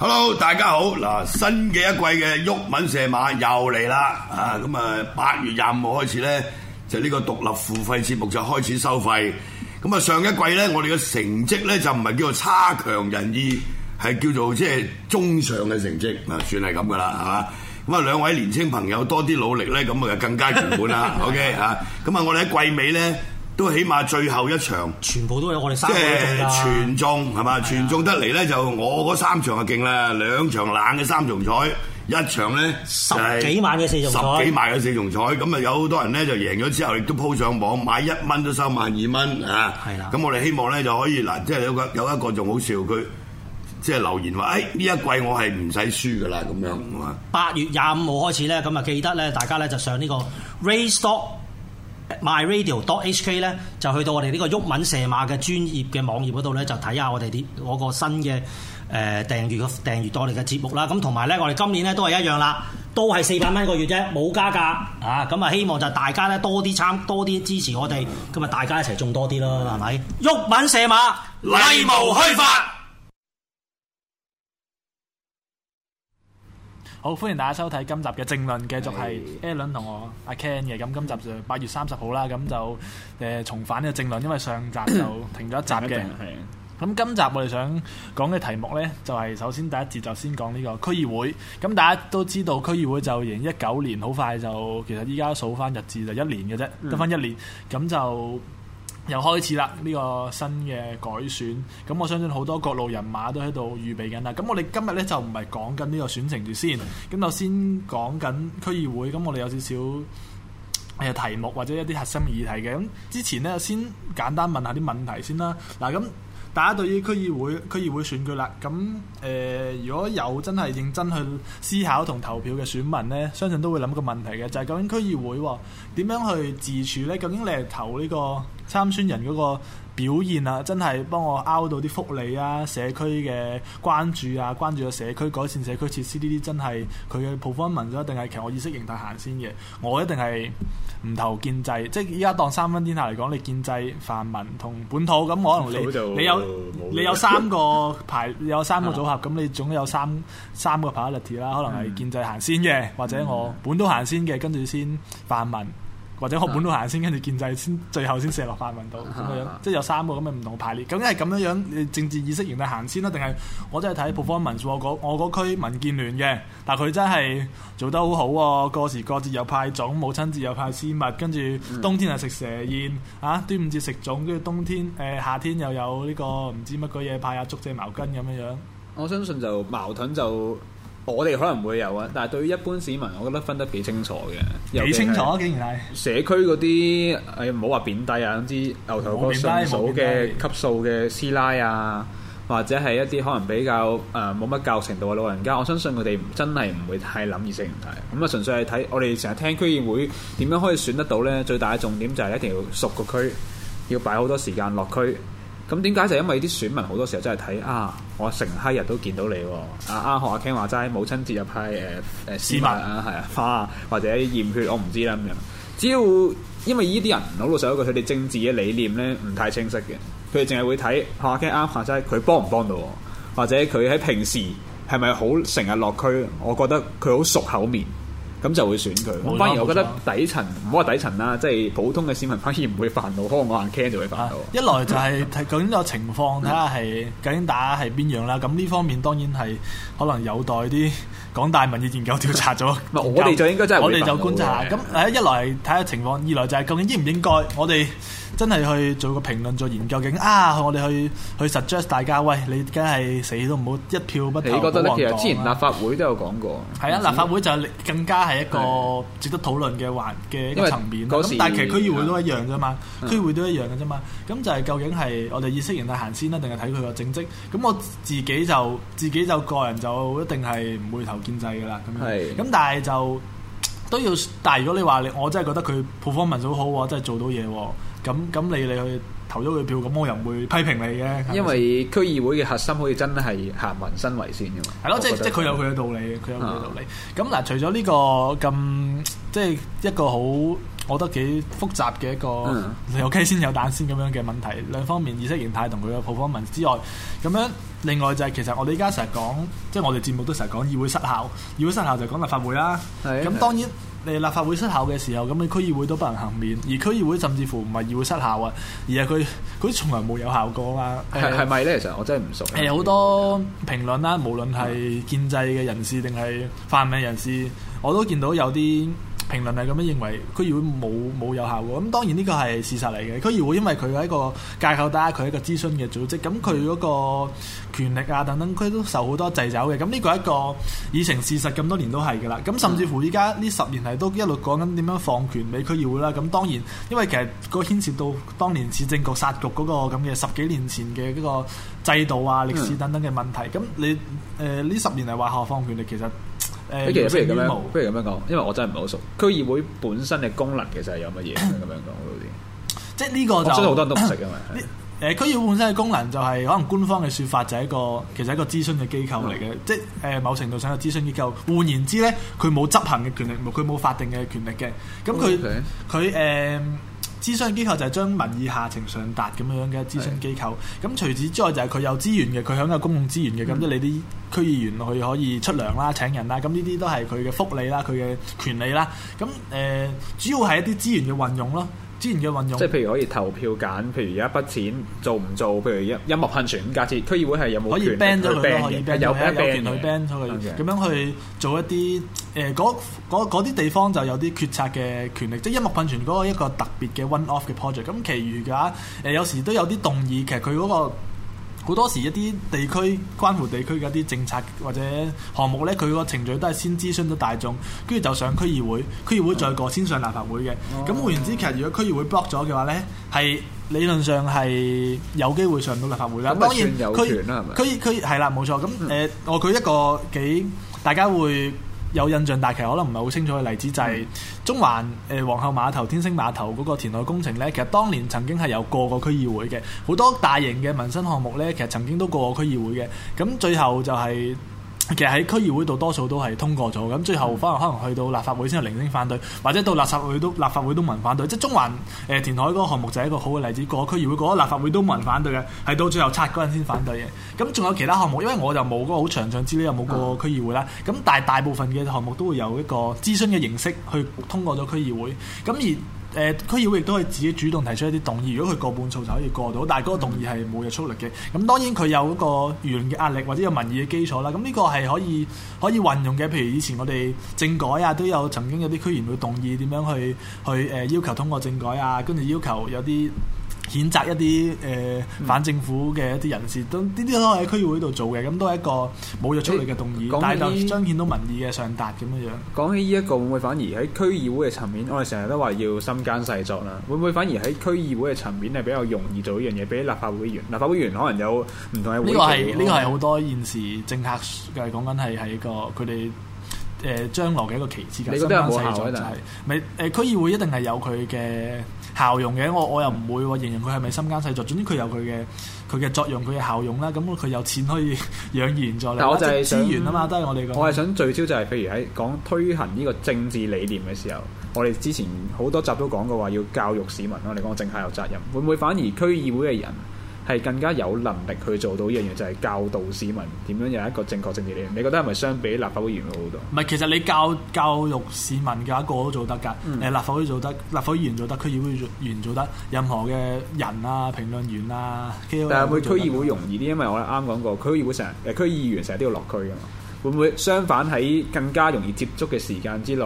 Hello，大家好！嗱，新嘅一季嘅《毓民射馬》又嚟啦啊！咁啊，八月廿五號開始咧，就呢個獨立付費節目就開始收費。咁啊，上一季咧，我哋嘅成績咧就唔係叫做差強人意，係叫做即係中上嘅成績啊，算係咁噶啦，係嘛？咁啊，兩位年青朋友多啲努力咧，咁啊就更加圓滿啦。OK 啊？ 咁啊，我哋喺季尾咧。都起碼最後一場，全部都有我哋三場都中啦。即係全中係嘛？是的 全中得嚟咧，就我嗰三場就勁啦。兩場冷嘅三重彩，一場咧十幾萬嘅四重彩，十幾萬嘅四重彩。咁啊，有好多人咧就贏咗之後，亦都鋪上網買一蚊都收萬二蚊是的 啊！係啦。咁我哋希望咧就可以嗱，即係有個有一個仲好笑，佢即係留言話，誒、哎、呢一季我係唔使輸㗎啦咁樣。八月廿五號開始咧，咁啊記得咧，大家咧就上呢個 Race Stock My Radio .hk 咧就去到我哋呢個毓民蛇馬嘅專業嘅網頁嗰度咧，就睇下我哋啲我個新嘅誒、呃、訂閱嘅訂閱多我哋嘅節目啦。咁同埋咧，我哋今年咧都係一樣啦,都係四百蚊一個月啫，冇加價啊。咁、嗯、啊，希望就大家咧多啲參多啲支持我哋，今日大家一齊種多啲咯，係咪、嗯？毓民蛇馬，例無虛發。好，歡迎大家收睇今集嘅政論，繼續係 Allen 同我的阿 Ken 嘅。咁今集就八月三十號啦，咁就誒重返呢個政論，因為上集就停咗一集嘅。係。咁今集我哋想講嘅題目呢，就係、是、首先第一節就先講呢個區議會。咁大家都知道區議會就迎一九年，好快就其實依家數翻日子就一年嘅啫，得翻一年。咁、嗯、就。又開始啦！呢個新嘅改選，咁我相信好多各路人馬都喺度預備緊啦。咁我哋今日呢，就唔係講緊呢個選情住先，咁就先講緊區議會。咁我哋有少少誒題目或者一啲核心議題嘅。咁之前呢先簡單問下啲問題先啦。嗱咁。大家對於區議會區議會選舉啦，咁誒、呃、如果有真係認真去思考同投票嘅選民呢，相信都會諗個問題嘅，就係、是、究竟區議會喎點、呃、樣去自處呢？究竟你係投呢個參選人嗰、那個？表現啊，真係幫我拗到啲福利啊，社區嘅關注啊，關注個社區改善社區設施呢啲、啊，真係佢嘅 performance 一定係其實我意識形態行先嘅，我一定係唔投建制，即係依家當三分天下嚟講，你建制、泛民同本土，咁可能你你有你有三個排，你有三個組合，咁 你總有三三個 priority 啦，可能係建制行先嘅，或者我本土行先嘅，跟住先泛民。或者學本土行先，跟住建制先，最後先射落泛民度咁樣， 即係有三個咁嘅唔同排列。咁係咁樣樣，政治意識形態行先啦，定係我真係睇 performance 我嗰區民建聯嘅，但佢真係做得好好、哦、喎。過時過節又派粽，母親節又派絲襪，跟住冬天係食蛇宴啊，端午節食粽，跟住冬天誒、呃、夏天又有呢個唔知乜鬼嘢派啊，竹蔗茅根咁樣樣。我相信就矛盾就。我哋可能會有啊，但係對於一般市民，我覺得分得幾清楚嘅。幾清楚，竟然係社區嗰啲誒，唔好話貶低啊，總之牛頭角順嫂嘅級數嘅師奶啊，或者係一啲可能比較誒冇乜教育程度嘅老人家，我相信佢哋真係唔會太諗意識問題。咁啊，純粹係睇我哋成日聽區議會點樣可以選得到呢？最大嘅重點就係一定要熟個區，要擺好多時間落區。咁點解就是、因為啲選民好多時候真係睇啊，我成閪日都見到你喎、啊。啊啱學阿 Ken 話齋，母親節入係誒誒市民啊，係啊花或者驗血我，我唔知啦咁樣。只要因為呢啲人老老實實，佢哋政治嘅理念咧唔太清晰嘅，佢哋淨係會睇學阿 Ken 啱話齋，佢幫唔幫到我，或者佢喺平時係咪好成日落區，我覺得佢好熟口面。咁就會選佢。我錯反而我覺得底層唔好話底層啦，即係普通嘅市民反而唔會煩惱，可能我硬 care 就會煩惱。啊、一來就係、是、睇 究竟個情況，睇下係究竟打係邊樣啦。咁呢方面當然係可能有待啲。港大民意研究調查咗。建制嘅啦，咁咁是但係就都要，但係如果你話你，我真係覺得佢 performance 好好，真係做到嘢，咁咁你你去投咗佢票，咁我又唔會批評你嘅。因為區議會嘅核心好似真係行民生為先嘅嘛。係咯、嗯，即係即係佢有佢嘅道理，佢、嗯、有佢嘅道理。咁嗱、啊，除咗呢、這個咁，即係一個好。我覺得幾複雜嘅一個有雞、嗯、先有蛋先咁樣嘅問題，兩方面意識形態同佢嘅普方問題之外，咁樣另外就係其實我哋而家成日講，即、就、係、是、我哋節目都成日講議會失效，議會失效就講立法會啦。咁當然，你立法會失效嘅時候，咁你區議會都不能幸免，而區議會甚至乎唔係議會失效啊，而係佢佢從來冇有效過啊嘛。係咪咧？其實、啊、我真係唔熟。係好多評論啦，啊、無論係建制嘅人士定係泛民人士，我都見到有啲。評論係咁樣認為，區議會冇冇有，有，有效喎。咁當然呢個係事實嚟嘅。區議會因為佢係一個架構，大家佢係一個諮詢嘅組織，咁佢嗰個權力啊等等，佢都受好多掣肘嘅。咁呢個係一個已成事實，咁多年都係㗎啦。咁甚至乎依家呢十年嚟都一路講緊點樣放權俾區議會啦。咁當然，因為其實個牽涉到當年市政局殺局嗰個咁嘅十幾年前嘅嗰個制度啊、歷史等等嘅問題。咁、嗯、你誒呢、呃、十年嚟話效放權力，其實？呃、其實，不如咁樣，不如咁樣講，因為我真係唔係好熟。區議會本身嘅功能其實係有乜嘢咁樣講好啲？即係呢個就真係好多人都唔識嘅嘛。誒、呃，區議會本身嘅功能就係、是、可能官方嘅説法就係一個，其實係一個諮詢嘅機構嚟嘅。嗯、即係誒、呃，某程度上係諮詢機構。換言之咧，佢冇執行嘅權力，佢冇法定嘅權力嘅。咁佢佢誒。Okay. 諮詢機構就係將民意下情上達咁樣嘅諮詢機構，咁的除此之外就係佢有資源嘅，佢享有公共資源嘅，咁即係你啲區議員佢可以出糧啦、請人啦，咁呢啲都係佢嘅福利啦、佢嘅權利啦，咁誒、呃、主要係一啲資源嘅運用咯。之前嘅運用，即係譬如可以投票揀，譬如有一筆錢做唔做，譬如音樂噴泉 cl 咁假設，區議會係有冇可以 ban 咗佢，有冇一個權去 ban 咗佢？咁 樣去做一啲誒嗰啲地方就有啲決策嘅權力，Okay. 即係音樂噴泉嗰個一個特別嘅 one-off 嘅 project，咁其餘嘅話誒有時都有啲動議，其實佢嗰、那個。好多時一啲地區關乎地區嘅一啲政策或者項目呢，佢個程序都係先諮詢咗大眾，跟住就上區議會，區議會再過、嗯、先上立法會嘅。咁、哦、換言之，其實如果區議會 block 咗嘅話呢係理論上係有機會上到立法會啦。咁咪、嗯、然算有權啦，係咪它？冇吧錯。咁誒，我、呃、佢、嗯、一個幾大家會。有印象大旗，但其實可能唔係好清楚嘅例子就係、是、中環誒、呃、皇后碼頭、天星碼頭嗰個填海工程呢，其實當年曾經係有過過區議會嘅，好多大型嘅民生項目呢，其實曾經都過過區議會嘅。咁最後就係、是。其實喺區議會度多數都係通過咗，咁最後可能可能去到立法會先有零星反對，或者到立法會都立法會都冇人反對，即係中環誒填、呃、海嗰個項目就係一個好嘅例子，過區議會過、那個、立法會都冇人反對嘅，係到最後拆嗰陣先反對嘅。咁仲有其他項目，因為我就冇嗰、那個好詳盡資料，又冇過區議會啦。咁、啊、但係大部分嘅項目都會有一個諮詢嘅形式去通過咗區議會，咁而。誒、呃、區議會亦都可以自己主動提出一啲動議，如果佢過半數就可以過到，但係嗰個動議係冇約束力嘅。咁當然佢有嗰個輿論嘅壓力，或者有民意嘅基礎啦。咁呢個係可以可以運用嘅，譬如以前我哋政改啊，都有曾經有啲區議會動議點樣去去誒、呃、要求通過政改啊，跟住要求有啲。譴責一啲誒、呃、反政府嘅一啲人士，嗯、都呢啲都喺區議會度做嘅，咁都係一個冇咗出嚟嘅動議，但係就將見到民意嘅上達咁樣樣。講起呢、這、一個會唔會反而喺區議會嘅層面，我哋成日都話要心間細作啦，會唔會反而喺區議會嘅層面係比較容易做呢樣嘢俾立法會員？立法會員可能有唔同嘅。呢、嗯這個係呢個係好多現時政客嘅講緊係喺個佢哋誒將來嘅一個旗幟嘅心間細作，就係咪誒區議會一定係有佢嘅。效用嘅，我我又唔會、啊、形容佢係咪心奸細作，總之佢有佢嘅佢嘅作用，佢嘅效用啦。咁佢有錢可以養現，在嚟，我就係資源啊嘛。都係我哋我係想聚焦就係，譬如喺講推行呢個政治理念嘅時候，我哋之前好多集都講過話要教育市民咯。你講個政客有責任，會唔會反而區議會嘅人？係更加有能力去做到依樣嘢，就係、是、教導市民點樣有一個正確政治理念。你覺得係咪相比立法會議員好好多？唔係，其實你教教育市民嘅一個都做得㗎、嗯呃。立法會做得，立法會議員做得，區議會議員做得，任何嘅人啊、評論員啊，誒，會區，區議會容易啲，因為我哋啱講過，區議會成誒區議員成日都要落區㗎嘛，會唔會相反喺更加容易接觸嘅時間之內？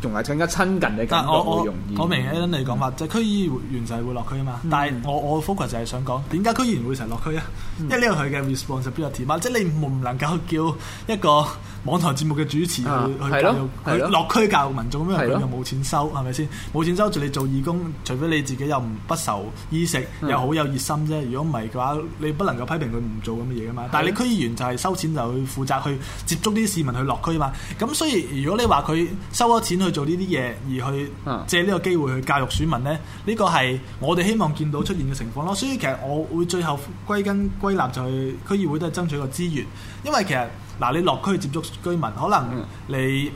仲係更加親近嘅感覺，我明你講法，就係區議員就係會落區啊嘛。但係我我 focus 就係想講點解區議員會成日落區啊？因為呢個佢嘅 responsibility 嘛，即係你唔能夠叫一個網台節目嘅主持去落區教育民眾咩？佢又冇錢收，係咪先？冇錢收住，你做義工，除非你自己又唔不愁衣食，又好有熱心啫。如果唔係嘅話，你不能夠批評佢唔做咁嘅嘢噶嘛。但係你區議員就係收錢就去負責去接觸啲市民去落區啊嘛。咁所以如果你話佢收咗錢，去做呢啲嘢，而去借呢個機會去教育選民呢。呢、呢個係我哋希望見到出現嘅情況咯。所以其實我會最後歸根歸納就係區議會都係爭取個資源，因為其實嗱你落區接觸居民，可能你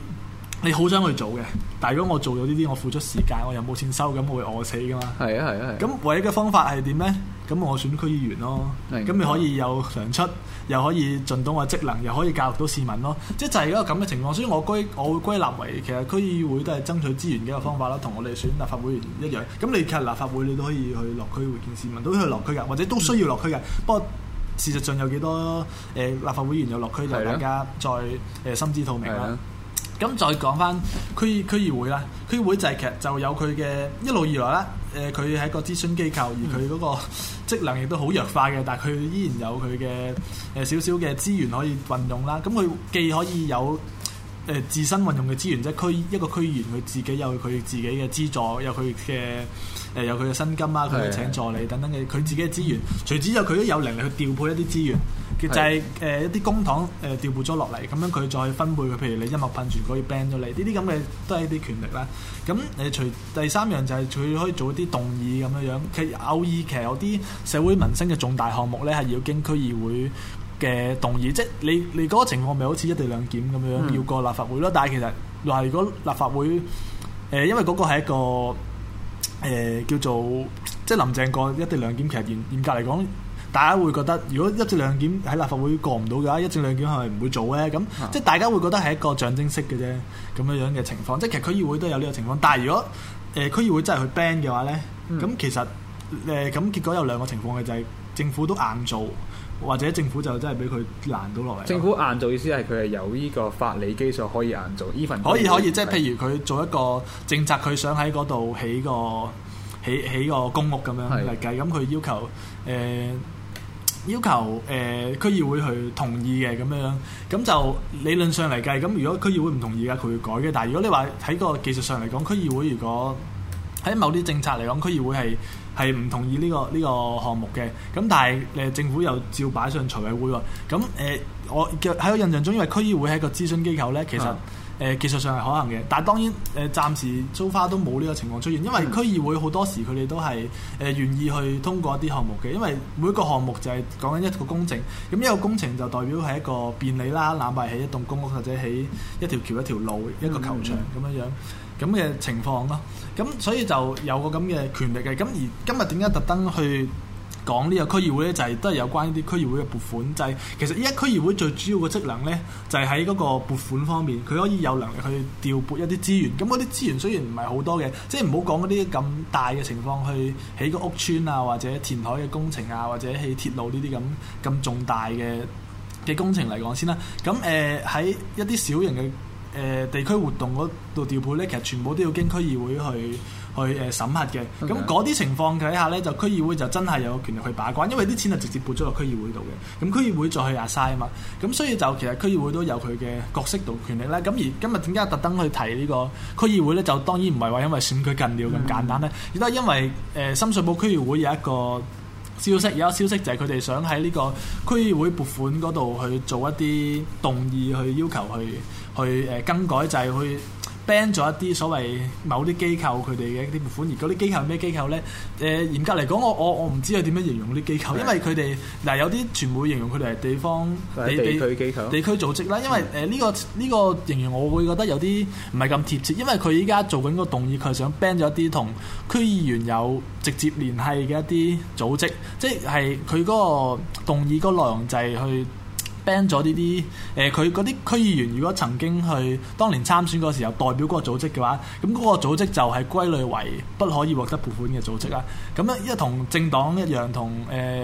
你好想去做嘅，但係如果我做咗呢啲，我付出時間，我又冇錢收，咁我會餓死噶嘛。係啊係啊係。咁、啊、唯一嘅方法係點呢？咁我選區議員咯，咁你明白可以有糧出，又可以盡到我職能，又可以教育到市民咯，即就係一個咁嘅情況。所以我，我歸我會歸納為其實區議會都係爭取資源嘅一個方法啦，同、嗯、我哋選立法會議員一樣。咁你其實立法會你都可以去落區會見市民，都可以去落區㗎，或者都需要落區㗎。嗯、不過事實上有幾多誒、呃、立法會員有落區，嗯、就大家再誒心、呃、知肚明啦、嗯。咁、嗯、再講翻區議區議會啦，區議會就係其實就有佢嘅一路以來啦。誒佢係個諮詢機構，而佢嗰個職能亦都好弱化嘅，但係佢依然有佢嘅誒少少嘅資源可以運用啦。咁佢既可以有誒自身運用嘅資源，即係區一個區議員佢自己有佢自己嘅資助，有佢嘅誒有佢嘅薪金啊，佢嘅請助理等等嘅，佢自己嘅資源，的隨之就佢都有能力去調配一啲資源。就係誒一啲公帑誒調撥咗落嚟，咁樣佢再分配佢。譬如你音樂噴泉，可以 ban 咗你，呢啲咁嘅都係一啲權力啦。咁誒除第三樣就係佢可以做一啲動議咁樣樣。其實偶爾其實有啲社會民生嘅重大項目咧，係要經區議會嘅動議。即、就、係、是、你你嗰個情況咪好似一地兩檢咁樣，嗯、要過立法會咯。但係其實話如果立法會誒、呃，因為嗰個係一個誒、呃、叫做即係林鄭個一地兩檢，其實嚴嚴格嚟講。大家會覺得，如果一至兩檢喺立法會過唔到嘅話，一至兩檢係唔會做咧。咁即係大家會覺得係一個象徵式嘅啫，咁樣樣嘅情況。即係其實區議會都有呢個情況。但係如果誒、呃、區議會真係去 ban 嘅話咧，咁、嗯、其實誒咁、呃、結果有兩個情況嘅就係、是、政府都硬做，或者政府就真係俾佢攔到落嚟。政府硬做意思係佢係有呢個法理基礎可以硬做呢份。可以可以，的即係譬如佢做一個政策，佢想喺嗰度起個起起個,個公屋咁樣嚟計，咁佢的要求誒。呃要求誒、呃、區議會去同意嘅咁樣，咁就理論上嚟計，咁如果區議會唔同意嘅，佢會改嘅。但係如果你話喺個技術上嚟講，區議會如果喺某啲政策嚟講，區議會係係唔同意呢個呢個項目嘅。咁但係誒、呃、政府又照擺上財委會喎。咁誒、呃、我嘅喺我印象中，因為區議會係一個諮詢機構咧，其實。技術上係可能嘅，但係當然誒、呃、暫時租花都冇呢個情況出現，因為區議會好多時佢哋都係誒、呃、願意去通過一啲項目嘅，因為每個項目就係講緊一個工程，咁一個工程就代表係一個便利啦，攬埋起一棟公屋或者起一條橋、一條路、嗯、一個球場咁樣、嗯、樣，咁嘅情況咯，咁所以就有個咁嘅權力嘅，咁而今日點解特登去講呢個區議會咧，就係、是、都係有關啲區議會嘅撥款。就係、是、其實依家區議會最主要嘅職能呢，就係喺嗰個撥款方面，佢可以有能力去調撥一啲資源。咁嗰啲資源雖然唔係好多嘅，即係唔好講嗰啲咁大嘅情況，去起個屋邨啊，或者填海嘅工程啊，或者起鐵路呢啲咁咁重大嘅嘅工程嚟講先啦。咁誒喺一啲小型嘅誒、呃、地區活動嗰度調配呢，其實全部都要經區議會去。去誒審核嘅，咁嗰啲情況底下呢就區議會就真係有權力去把關，因為啲錢就直接撥咗落區議會度嘅，咁區議會再去壓曬啊嘛，咁所以就其實區議會都有佢嘅角色同權力咧。咁而今日點解特登去提呢個區議會呢？就當然唔係話因為選舉近了咁簡單咧，亦都係、mm. 因為誒、呃、深水埗區議會有一個消息，有一個消息就係佢哋想喺呢個區議會撥款嗰度去做一啲動議去要求去去誒、呃、更改就係去。ban 咗一啲所謂某啲機構佢哋嘅一啲撥款，而嗰啲機構係咩機構呢？誒、呃，嚴格嚟講，我我我唔知佢點樣形容啲機構，的因為佢哋嗱有啲全部形容佢哋係地方地，地區地區組織啦。因為誒呢、呃呢個呢、呢個形容，我會覺得有啲唔係咁貼切，因為佢依家做緊個動議，佢係想 ban 咗一啲同區議員有直接聯繫嘅一啲組織，即係佢嗰個動議個內容就係去。ban 咗呢啲誒，佢嗰啲區議員如果曾經去當年參選嗰時候代表嗰個組織嘅話，咁嗰個組織就係歸類為不可以獲得撥款嘅組織啦。咁咧、嗯，因為同政黨一樣，同誒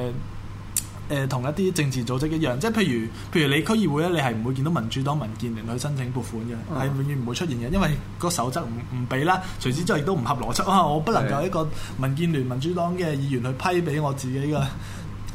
誒同一啲政治組織一樣，即係譬如譬如你區議會咧，你係唔會見到民主黨、民建聯去申請撥款嘅，係、嗯、永遠唔會出現嘅，因為個守則唔唔俾啦。除此之外，亦都唔合邏輯啊！我不能夠一個民建聯、民主黨嘅議員去批俾我自己嘅。嗯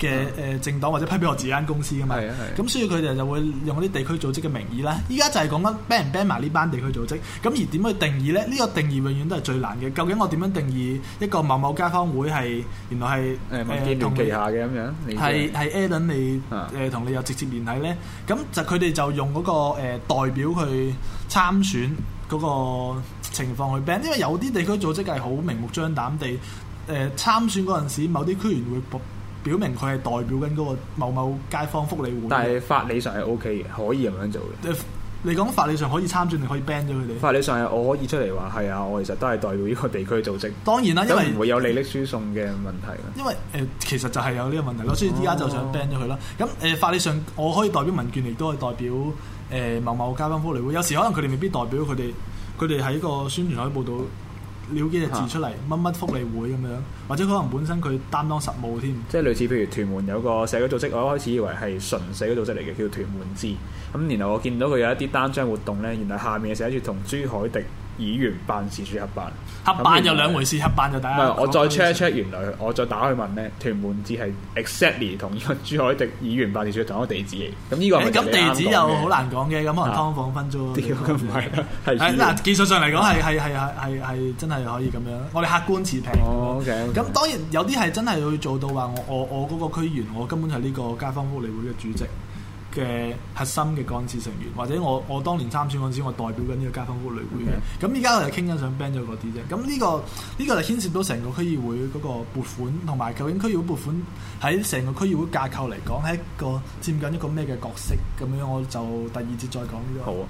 嘅誒政黨或者批俾我自己間公司㗎嘛，咁所以佢哋就會用嗰啲地區組織嘅名義啦。依家就係講緊 ban 唔 ban 埋呢班地區組織咁，而點去定義咧？呢、呢個定義永遠都係最難嘅。究竟我點樣定義一個某某街坊會係原來係誒民旗下嘅咁樣？係係 Allen 你誒同的你有直接聯繫咧？咁就佢哋就用嗰、嗰個、呃、代表去參選嗰個情況去 ban，因為有啲地區組織係好明目張膽地誒、呃、參選嗰陣時，某啲區員會表明佢係代表緊嗰個某某街坊福利會，但係法理上係 O K 嘅，可以咁樣做嘅。誒，你講法理上可以參選，你可以 ban 咗佢哋。法理上係我可以出嚟話係啊，我其實都係代表呢個地區組織。當然啦，因為唔會有利益輸送嘅問題。因為誒、呃，其實就係有呢個問題咯，所以而家就想 ban 咗佢啦。咁誒、哦呃，法理上我可以代表民建聯亦都可以代表誒、呃、某某街坊福利會。有時可能佢哋未必代表佢哋，佢哋喺個宣傳海報度。了幾隻字出嚟乜乜福利會咁樣，或者可能本身佢擔當實務添。即係類似譬如屯門有個社區組織，我一開始以為係純社區組織嚟嘅，叫屯門志。咁、嗯、然後我見到佢有一啲單張活動咧，原來下面寫住同朱凱迪議員辦事處合辦，合黑辦有來兩回事，合辦就大家是，我再 check 一 check，原來我再打去問咧，屯門只係 exactly 同珠海的議員辦事處同一個地址嚟。咁呢個咁、欸嗯、地址又好難講嘅，咁可能湯房分啫咁唔係啦，係嗱技術上嚟講係係係係係真係可以咁樣。我哋客觀持平。OK 咁當然有啲係真係要做到話，我我我嗰個區員，我根本係呢個街坊福利會嘅主席。嘅核心嘅幹事成員，或者我我當年參選嗰陣時，我代表緊呢個街坊屋裏會嘅。咁依家我就傾緊想 ban 咗嗰啲啫。咁呢、這個呢、這個就牽涉到成個區議會嗰個撥款，同埋究竟區議會撥款喺成個區議會架構嚟講係一個佔緊一個咩嘅角色咁樣，我就第二節再講，這個。好啊。